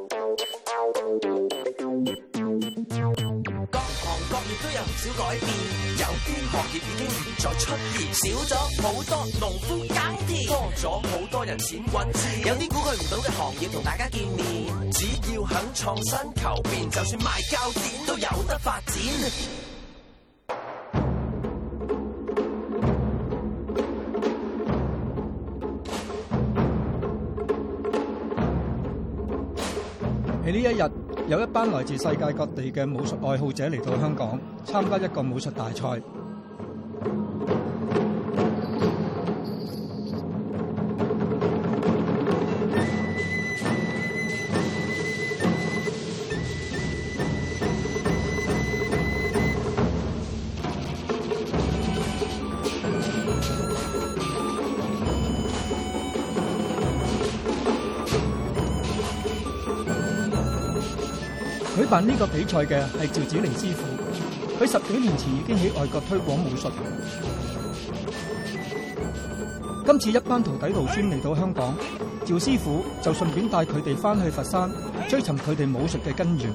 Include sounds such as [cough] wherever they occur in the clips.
各行各業都有唔少改變，有啲行業已經唔再出現，少咗好多農夫耕田，多咗好多人閃滾。有啲估佢唔到嘅行業同大家見面，只要肯創新求變，就算賣膠剪都有得發展。有一班來自世界各地嘅武術愛好者嚟到香港參加一個武術大賽。辦呢個比賽嘅係趙子凌師傅，佢十幾年前已經喺外國推廣武術。今次一班徒弟徒孫嚟到香港，趙師傅就順便帶佢哋翻去佛山追尋佢哋武術嘅根源。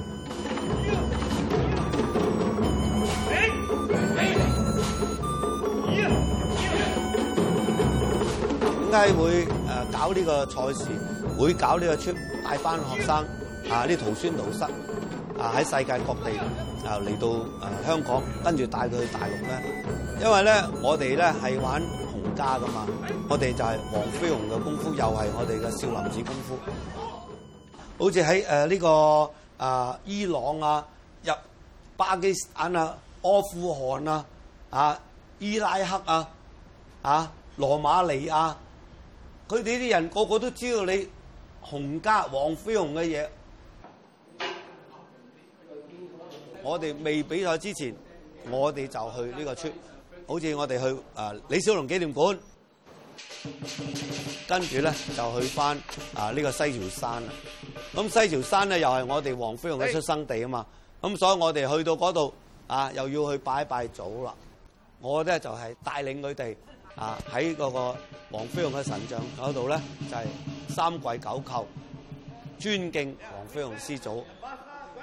點解會誒搞呢個賽事？會搞呢個出帶班學生啊？呢啲徒孫老失。喺世界各地啊嚟到香港，跟住帶佢去大陸咧。因為咧，我哋咧係玩洪家㗎嘛，我哋就係黃飛鴻嘅功夫，又係我哋嘅少林寺功夫。好似喺呢個啊伊朗啊、入巴基斯坦啊、阿富汗啊、啊伊拉克啊、啊羅馬尼亞，佢哋啲人個個都知道你洪家黃飛鴻嘅嘢。我哋未比賽之前，我哋就去呢個村，好似我哋去啊李小龍紀念館，跟住咧就去翻啊呢個西樵山啦。咁西樵山咧又係我哋黃飛鴻嘅出生地啊嘛。咁所以我哋去到嗰度啊，又要去拜拜祖啦。我咧就係帶領佢哋啊喺嗰個黃飛鴻嘅神像嗰度咧，就係三跪九叩，尊敬黃飛鴻師祖。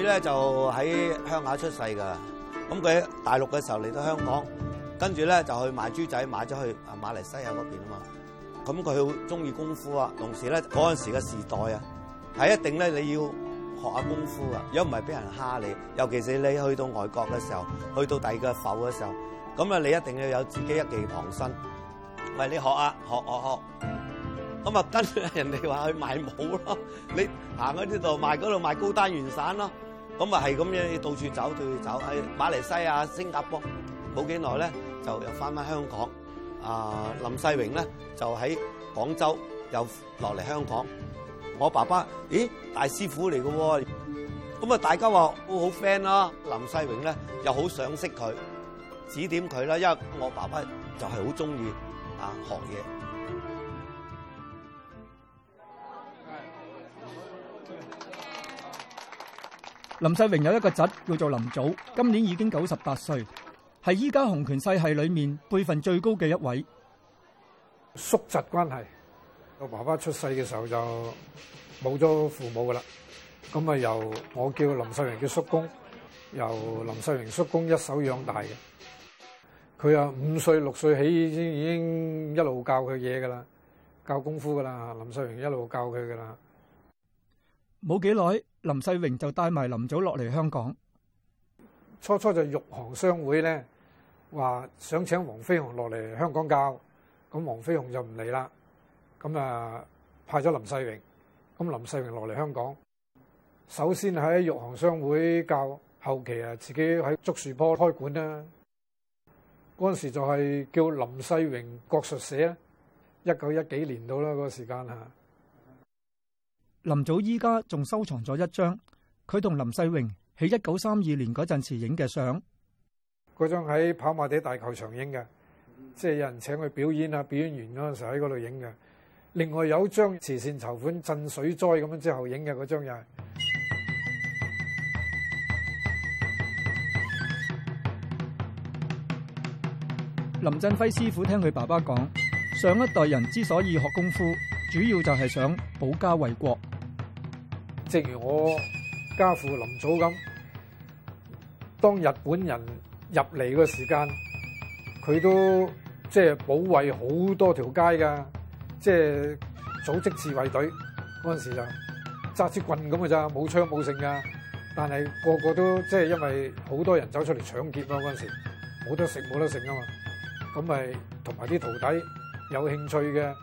佢咧就喺鄉下出世噶，咁佢喺大陸嘅時候嚟到香港，跟住咧就去賣豬仔，賣咗去啊馬來西亞嗰邊啊嘛。咁佢好中意功夫啊，同時咧嗰陣時嘅時代啊，係一定咧你要學下功夫啊，如果唔係俾人蝦你。尤其是你去到外國嘅時候，去到第二個埠嘅時候，咁啊你一定要有自己一技旁身。喂，你學啊學學學，咁啊跟住人哋話去賣武咯，你行喺呢度賣嗰度賣膏丹丸散咯。咁啊，係咁樣到處走，到處走，喺馬來西亞、新加坡冇幾耐咧，就又翻翻香港。啊，林世榮咧就喺廣州，又落嚟香港。我爸爸，咦，大師傅嚟嘅喎。咁啊，大家話好 friend 啦。林世榮咧又好賞識佢，指點佢啦。因為我爸爸就係好中意啊學嘢。林世榮有一個侄叫做林祖，今年已經九十八歲，係依家洪拳世系裏面輩份最高嘅一位。叔侄關係，我爸爸出世嘅時候就冇咗父母噶啦，咁啊由我叫林世榮叫叔公，由林世榮叔公一手養大嘅。佢啊五歲六歲起先已經一路教佢嘢噶啦，教功夫噶啦，林世榮一路教佢噶啦。冇幾耐。林世榮就帶埋林祖落嚟香港，初初就玉行商會咧，話想請黃飛鴻落嚟香港教，咁黃飛鴻就唔嚟啦，咁啊派咗林世榮，咁林世榮落嚟香港，首先喺玉行商會教，後期啊自己喺竹樹坡開館啦，嗰陣時就係叫林世榮國術社，一九一幾年到啦個時間吓。林祖依家仲收藏咗一張，佢同林世榮喺一九三二年嗰陣時影嘅相。嗰張喺跑馬地大球場影嘅，即係有人請佢表演啊，表演完嗰陣時喺嗰度影嘅。另外有張慈善籌款賑水災咁樣之後影嘅嗰張又係。林振輝師傅聽佢爸爸講，上一代人之所以學功夫，主要就係想保家衛國。正如我家父林祖咁，當日本人入嚟個時間，佢都即係保衛好多條街噶即係組織自衛隊嗰陣時就揸支棍咁嘅咋，冇槍冇剩噶但係個個都即係因為好多人走出嚟搶劫咯，嗰陣時冇得食冇得食啊嘛。咁咪同埋啲徒弟有興趣嘅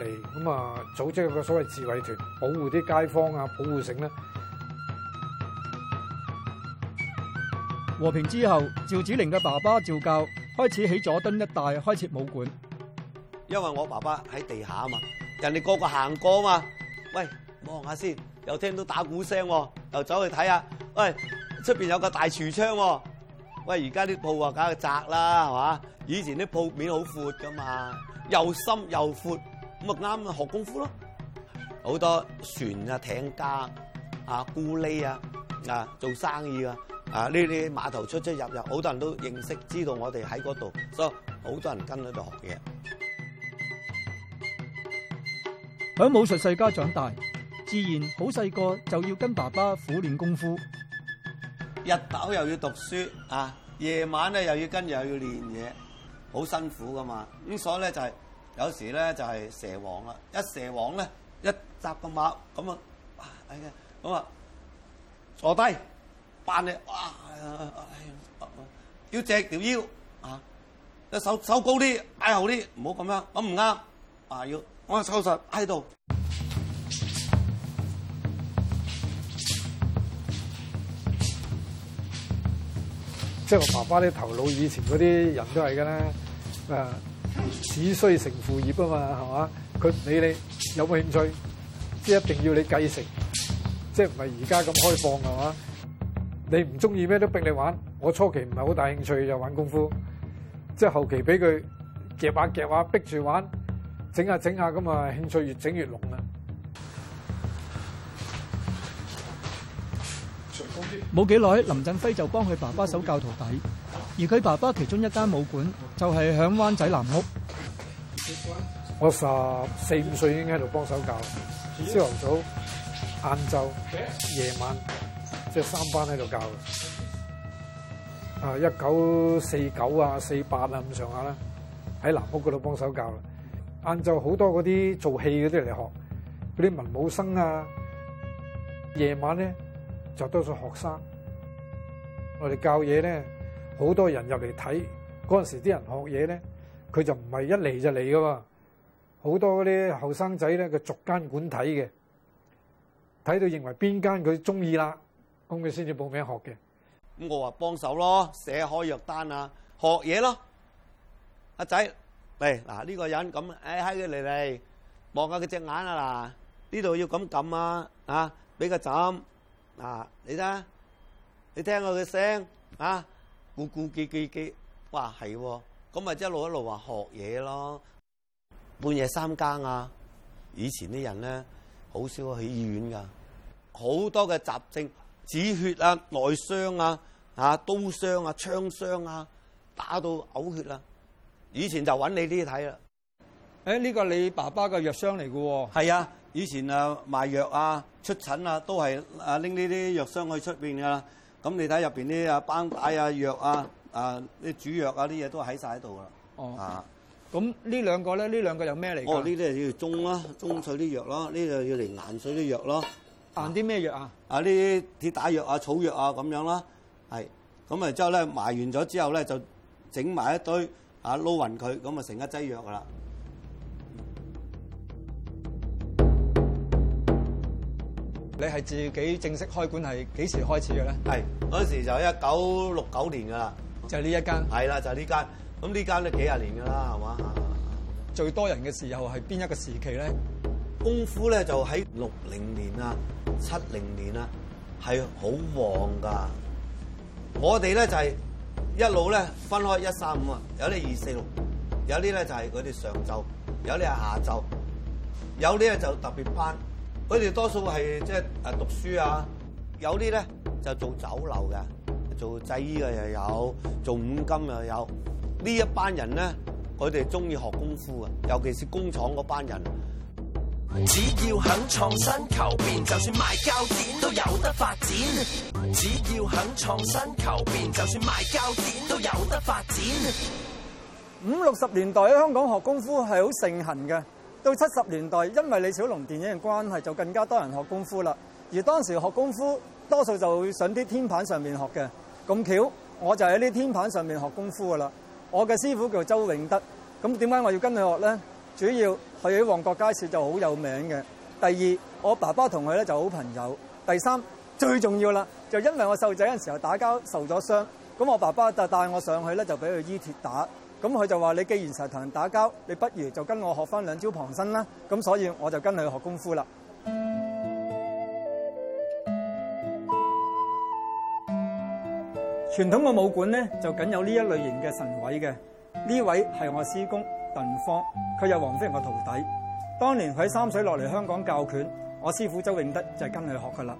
嚟咁啊，組織一個所謂自衛團。保護啲街坊啊，保護城咧。和平之後，趙子玲嘅爸爸趙教開始喺佐敦一帶開設武館。因為我爸爸喺地下啊嘛，人哋個個行過啊嘛。喂，望下先，又聽到打鼓聲，啊，又走去睇下。喂，出邊有個大櫥窗，啊。喂，而家啲鋪啊，梗係窄啦，係嘛？以前啲鋪面好闊噶嘛，又深又闊，咁啊啱啊學功夫咯。好多船啊、艇家啊、咕喱啊啊，做生意啊啊！呢啲碼頭出出入入，好多人都認識，知道我哋喺嗰度，所以好多人跟喺度學嘢。喺武術世家長大，自然好細個就要跟爸爸苦練功夫，日頭又要讀書啊，夜晚咧又要跟又要練嘢，好辛苦噶嘛。咁所以咧就係、是、有時咧就係蛇王啦，一蛇王咧。一扎個馬咁啊，係嘅，咁啊坐低扮你哇，要直條腰啊，一手手高啲，擺後啲，唔好咁樣，咁唔啱啊，要我哋、啊啊啊、收實喺度。即係我爸爸啲頭腦，以前嗰啲人都係噶啦， [coughs] 啊，子孫承父業啊嘛，係嘛。 [coughs] 佢唔理你有冇興趣，即係一定要你繼承，即係唔係而家咁開放係嘛？你唔中意咩都逼你玩。我初期唔係好大興趣，又玩功夫，即係後期俾佢夾下夾下逼住玩，整下整下咁啊，興趣越整越濃啦。冇幾耐，林振輝就幫佢爸爸手教徒弟，而佢爸爸其中一間武館就係響灣仔南屋。我十四五歲已經喺度幫手教了，朝頭早、晏晝、夜晚，即係三班喺度教了。啊，一九四九啊，四八啊咁上下啦，喺南屋嗰度幫手教。晏晝好多嗰啲做戲嗰啲嚟學，嗰啲文武生啊。夜晚咧就多數學生，我哋教嘢咧，好多人入嚟睇。嗰陣時啲人學嘢咧，佢就唔係一嚟就嚟㗎嘛。好多啲後生仔咧，佢逐間館睇嘅，睇到認為邊間佢中意啦，咁佢先至報名學嘅。咁我話幫手咯，寫開藥單啊，學嘢咯。阿仔，嚟嗱呢個人咁，哎喺佢嚟嚟，望下佢隻眼啊嗱，呢度要咁撳啊啊，俾個枕啊，你睇下，你聽下佢聲啊，咕咕唧唧唧，哇係喎，咁咪一路一路話學嘢咯。半夜三更啊！以前啲人咧好少去醫院噶，好多嘅雜症、止血啊、內傷啊、啊刀傷啊、槍傷啊，打到嘔血啊。以前就揾你呢啲睇啦。誒、哎，呢個你爸爸嘅藥箱嚟嘅喎。係啊，以前啊賣藥啊出診啊都係啊拎呢啲藥箱去出邊㗎喇。咁你睇入邊啲啊繃帶啊藥啊啊啲煮藥啊啲嘢都喺晒喺度啦。哦。啊。咁呢兩個咧？呢兩個又咩嚟㗎？哦，呢啲係要中啦、啊，中碎啲藥咯。呢又要嚟研碎啲藥咯。研啲咩藥啊？啊，啲鐵打藥啊，草藥啊，咁樣啦，係。咁啊，後呢之後咧埋完咗之後咧，就整埋一堆啊撈勻佢，咁啊成一劑藥㗎啦。你係自己正式開館係幾時開始嘅咧？係嗰時就，就一九六九年㗎啦。就呢一間？係啦，就呢間。咁呢間都幾十年㗎啦，係嘛？最多人嘅時候係邊一個時期咧？功夫咧就喺六零年啊、七零年啊係好旺㗎。我哋咧就係一路咧分開一三五啊，有啲二四六，有啲咧就係佢哋上晝，有啲係下晝，有啲咧就特別班。佢哋多數係即係誒讀書啊，有啲咧就做酒樓嘅，做製衣嘅又有，做五金又有。呢一班人咧。佢哋中意學功夫啊，尤其是工廠嗰班人。只要肯創新求變，就算賣膠點都有得發展。只要肯創新求變，就算賣膠點都有得發展。五六十年代喺香港學功夫係好盛行嘅，到七十年代因為李小龍電影嘅關係，就更加多人學功夫啦。而當時學功夫多數就會上啲天棚上面學嘅，咁巧我就喺啲天棚上面學功夫噶啦。我嘅師傅叫周永德，咁點解我要跟佢學呢？主要佢喺旺角街市就好有名嘅。第二，我爸爸同佢咧就好朋友。第三，最重要啦，就因為我細路仔嗰陣時候打交受咗傷，咁我爸爸就帶我上去咧就俾佢醫跌打。咁佢就話：你既然成日同人打交，你不如就跟我學返兩招旁身啦。咁所以我就跟佢學功夫啦。傳統嘅武館咧，就僅有呢一類型嘅神位嘅。呢位係我師公鄧芳，佢有黃飛鴻嘅徒弟。當年佢喺三水落嚟香港教拳，我師傅周永德就係跟佢學噶啦。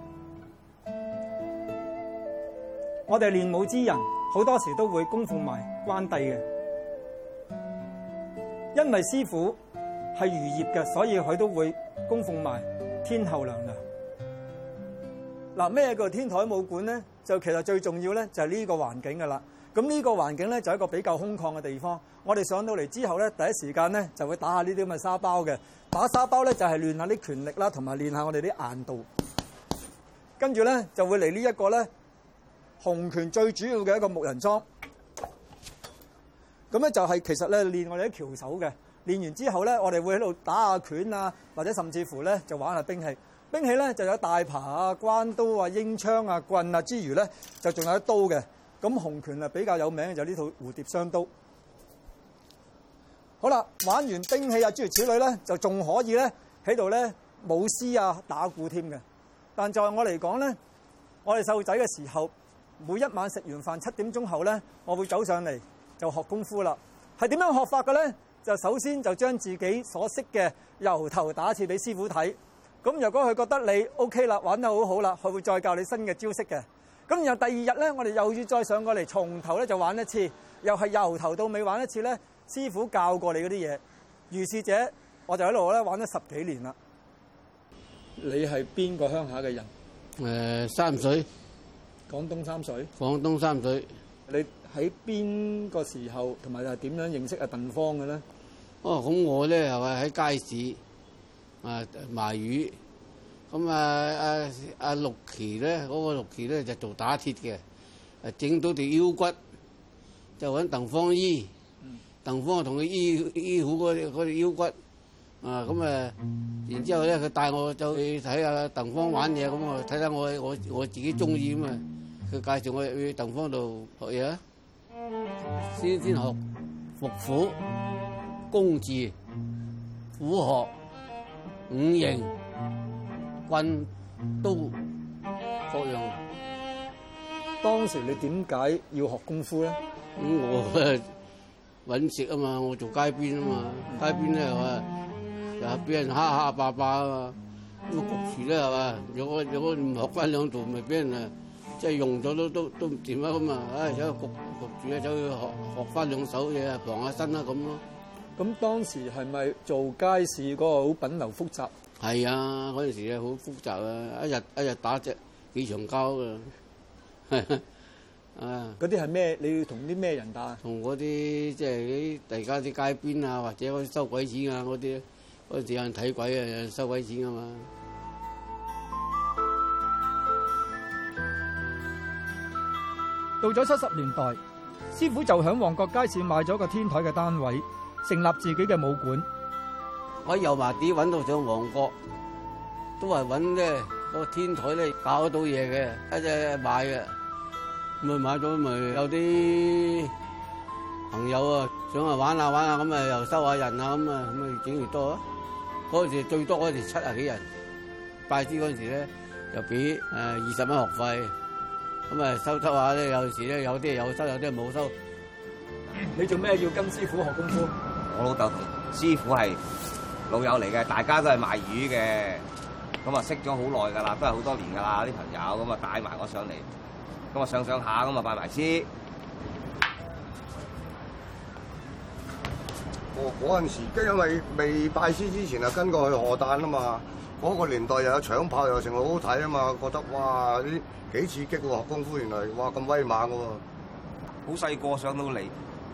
我哋練武之人好多時都會供奉埋關帝嘅，因為師傅係漁業嘅，所以佢都會供奉埋天后娘娘。嗱，咩叫天台武館呢？就其實最重要呢，就係呢個環境噶啦。咁呢個環境呢，就係一個比較空曠嘅地方。我哋上到嚟之後呢，第一時間呢，就會打下呢啲咁嘅沙包嘅。打沙包呢，就係練下啲拳力啦，同埋練下我哋啲硬度。跟住呢，就會嚟呢一個呢，洪拳最主要嘅一個木人樁。咁呢，就係其實呢，練我哋啲橋手嘅。練完之後呢，我哋會喺度打下拳啊，或者甚至乎呢，就玩下兵器。兵器咧就有大耙啊、關刀啊、纓槍啊、棍啊之餘咧，就仲有刀嘅。咁洪拳啊比較有名嘅就呢套蝴蝶雙刀。好啦，玩完兵器啊諸如此類咧，就仲可以咧喺度咧舞獅啊打鼓添嘅。但就我嚟講咧，我哋細路仔嘅時候，每一晚食完飯七點鐘後咧，我會走上嚟就學功夫啦。係點樣學法嘅咧？就首先就將自己所識嘅由頭打次俾師傅睇。咁如果佢覺得你 OK 啦，玩得好好啦，佢會再教你新嘅招式嘅。咁然後第二日咧，我哋又要再上過嚟，從頭咧就玩一次，又係由頭到尾玩一次咧。師傅教過你嗰啲嘢，如是者，我就喺度咧玩咗十幾年啦。你係邊個鄉下嘅人？誒，三水，廣東三水。廣東三水。你喺邊個時候同埋點樣認識阿鄧芳嘅咧？哦，咁我咧又係喺街市。啊，麻魚，咁啊啊啊！陸、啊啊、奇咧，嗰、那個陸奇咧就做打鐵嘅，啊整到條腰骨，就揾鄧芳醫，嗯、鄧芳同佢醫醫好嗰條腰骨，啊咁啊，啊，然之後咧，佢、嗯、帶我就去睇下鄧芳玩嘢，咁我睇下我我我自己中意咁啊，佢、嗯、介紹我去鄧芳度學嘢、啊，先先學伏虎工字伏虎。五形棍都各樣，當時你點解要學功夫咧？咁、嗯、我咧搵食啊嘛，我做街邊啊嘛，街邊咧係嘛，又俾人蝦蝦霸霸啊嘛，咁焗住咧係嘛，如果如果唔學翻兩套，咪俾人啊即係用咗都都都唔掂啊嘛，唉走去焗焗住啊，走去學學翻兩手嘢啊，防下身啦咁咯。咁當時係咪做街市嗰個好品流複雜？係啊，嗰陣時啊，好複雜啊！一日一日打只幾場交㗎，啊！嗰啲係咩？你要同啲咩人打？同嗰啲即係啲大家啲街邊啊，或者啲收鬼錢啊，嗰啲嗰陣時有人睇鬼啊，收鬼錢㗎啊嘛。到咗七十年代，師傅就響旺角街市買咗個天台嘅單位。成立自己嘅武館，喺油麻地揾到上旺角，都係揾呢個天台咧搞得到嘢嘅一隻買嘅，咁啊買咗咪有啲朋友啊想玩啊玩下玩下，咁啊又收下人啊咁啊，咁啊越整越多啊。嗰陣時最多嗰陣時七啊幾人拜師嗰陣時咧就俾誒二十蚊學費，咁啊收收下咧有時咧有啲有收有啲冇收。你做咩要跟師傅學功夫？我老豆同師傅係老友嚟嘅，大家都係賣魚嘅，咁啊識咗好耐噶啦，都係好多年噶啦，啲朋友，咁啊帶埋我上嚟，咁啊上上下咁啊拜埋師。我嗰陣時，因為未拜師之前啊，跟過去賀誕啊嘛，嗰個年代又有搶炮又成，好好睇啊嘛，覺得哇呢啲幾刺激喎，功夫原來哇咁威猛喎，好細個上到嚟。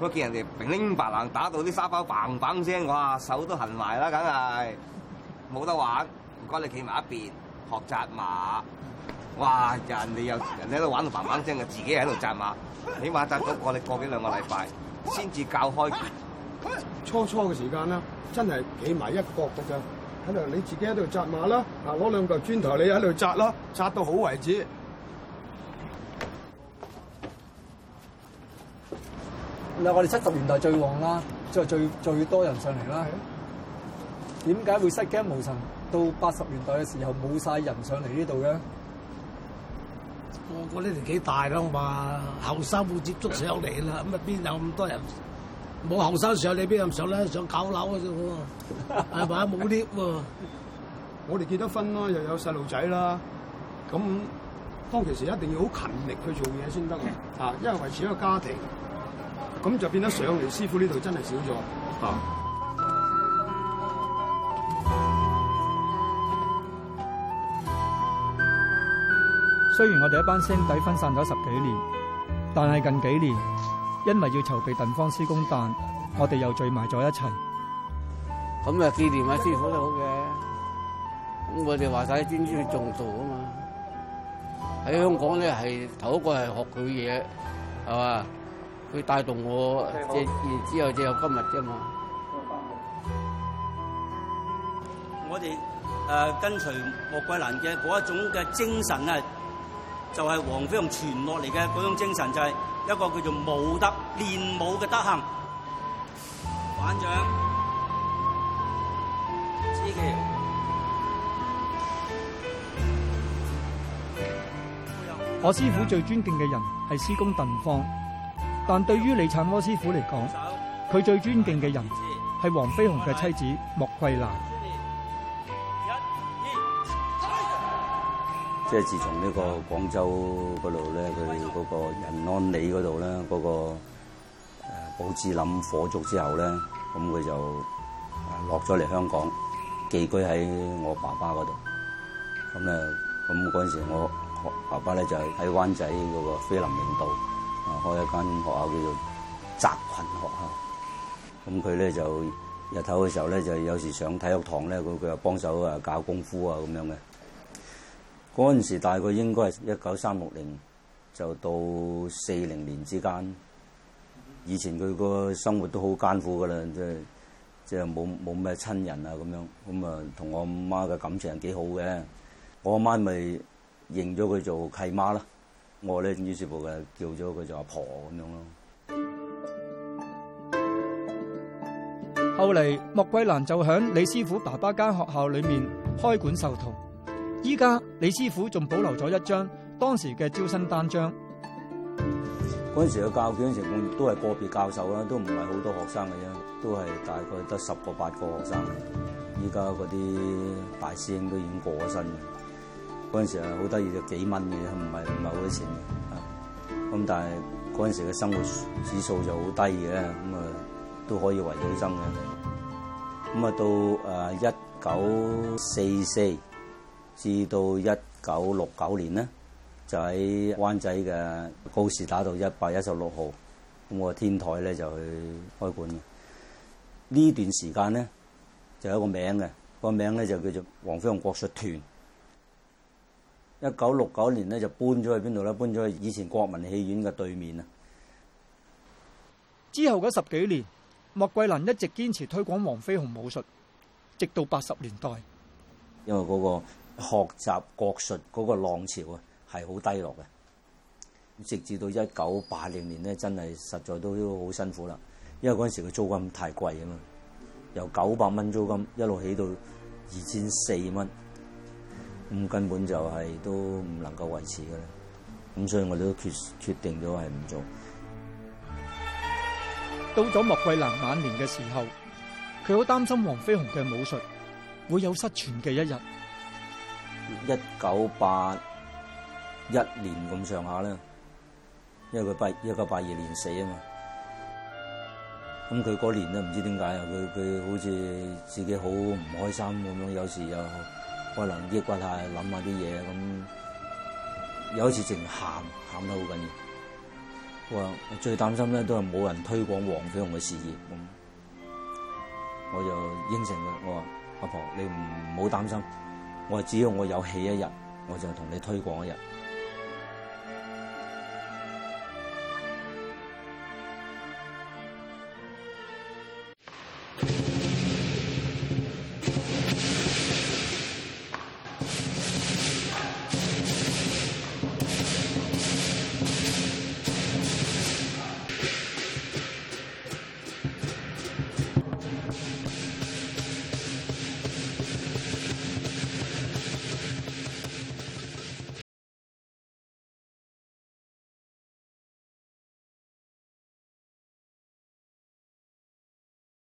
佢見人哋明拎白拿，打到啲沙包嘭嘭聲哇，哇手都痕埋啦，梗係冇得玩。唔該你企埋一邊學紮馬，哇人哋有人喺度玩到嘭嘭聲，啊自己喺度紮馬，起碼扎到過你過，過，過幾兩個禮拜先至教開。初初嘅時間啦，真係企埋一角㗎咋。喺度你自己喺度紮馬啦，啊攞兩個磚頭你喺度扎囉，扎到好為止。嗱，我哋七十年代最旺啦，即係最最多人上嚟啦。點解的會失驚無神到八十年代嘅時候冇晒人上嚟呢度嘅、哦？我個都年紀大啦，好嘛？後生冇接觸上嚟啦，咁啊邊有咁多人冇後生時候，你邊有上咧？上搞樓嘅啫喎，係嘛冇 lift。我哋結咗婚啦，又有細路仔啦，咁當其時一定要好勤力去做嘢先得嘅，的啊，因為維持一個家庭。咁就變得上嚟，師傅呢度真係少咗。啊、嗯！雖然我哋一班師兄弟分散咗十幾年，但係近幾年，因為要籌備鄧芳師公誕，我哋又聚埋咗一齊。咁啊，紀念下師傅都好嘅。咁我哋話晒專注去宗教啊嘛。喺香港咧，係頭一個係學佢嘢，係嘛？佢帶動我，即然之後只有今日啫嘛。我哋誒跟隨莫桂蘭嘅嗰一種嘅精神啊，就係黃飛鴻傳落嚟嘅嗰種精神，就係一個叫做武德練武嘅德行。玩長，支橋。我師傅最尊敬嘅人係師公鄧放。但對於李燦柯師傅嚟講，佢最尊敬嘅人係黃飛鴻嘅妻子莫桂蘭。即係自從呢那個廣州嗰度咧，佢嗰個仁安里嗰度咧，嗰、那個寶芝林火燭之後咧，咁佢就落咗嚟香港，寄居喺我爸爸嗰度。咁啊，咁嗰陣時我爸爸咧就喺灣仔嗰個菲林明道。開一間學校叫做集群學校，咁佢咧就日頭嘅時候咧就有時上體育堂咧，佢佢又幫手啊教功夫啊咁樣嘅。嗰陣時大概應該係一九三六年就到四零年之間，以前佢個生活都好艱苦噶啦，即係即係冇冇咩親人啊咁樣，咁啊同我阿媽嘅感情係幾好嘅，我阿媽咪認咗佢做契媽啦。我咧、哦，於是乎嘅叫咗佢做阿婆咁樣咯。後嚟，莫桂蘭就響李師傅爸爸間學校裏面開館授徒。依家李師傅仲保留咗一張當時嘅招生單張。嗰陣時嘅教拳情況都係個別教授啦，都唔係好多學生嘅啫，都係大概得十個八個學生。依家嗰啲大師兄都已經過咗身。嗰陣時好得意就幾蚊嘅，唔係唔係好多錢嘅啊！咁、嗯、但係嗰陣時嘅生活指數就好低嘅，咁、嗯、啊都可以維生嘅。咁、嗯、啊，到誒一九四四至到一九六九年咧，就喺灣仔嘅告士打道一百一十六號，咁、那、我、個、天台咧就去開館嘅。呢段時間咧就有一個名嘅，個名咧就叫做黃飛鴻國術團。一九六九年咧就搬咗去邊度咧？搬咗去以前國民戲院嘅對面啊！之後嗰十幾年，莫桂林一直堅持推廣黃飛鴻武術，直到八十年代。因為嗰個學習國術嗰個浪潮啊，係好低落嘅。直至到一九八零年呢，真係實在都好辛苦啦。因為嗰陣時嘅租金太貴啊嘛，由九百蚊租金一路起到二千四蚊。咁根本就係都唔能夠維持㗎啦，咁所以我哋都決定咗係唔做。到咗莫桂蘭晚年嘅時候，佢好擔心黃飛鴻嘅武術會有失傳嘅一日。一九八一年咁上下呢，因為佢八一九八二年死啊嘛，咁佢嗰年都唔知點解啊，佢佢好似自己好唔開心咁樣，有時又。可能啲骨太諗下啲嘢，咁，有一次淨喊，喊得好緊要。我話最擔心咧，都係冇人推廣黃飛鴻嘅事業，咁我就應承佢。我話阿婆你唔好擔心，我話只要我有氣一日，我就同你推廣一日。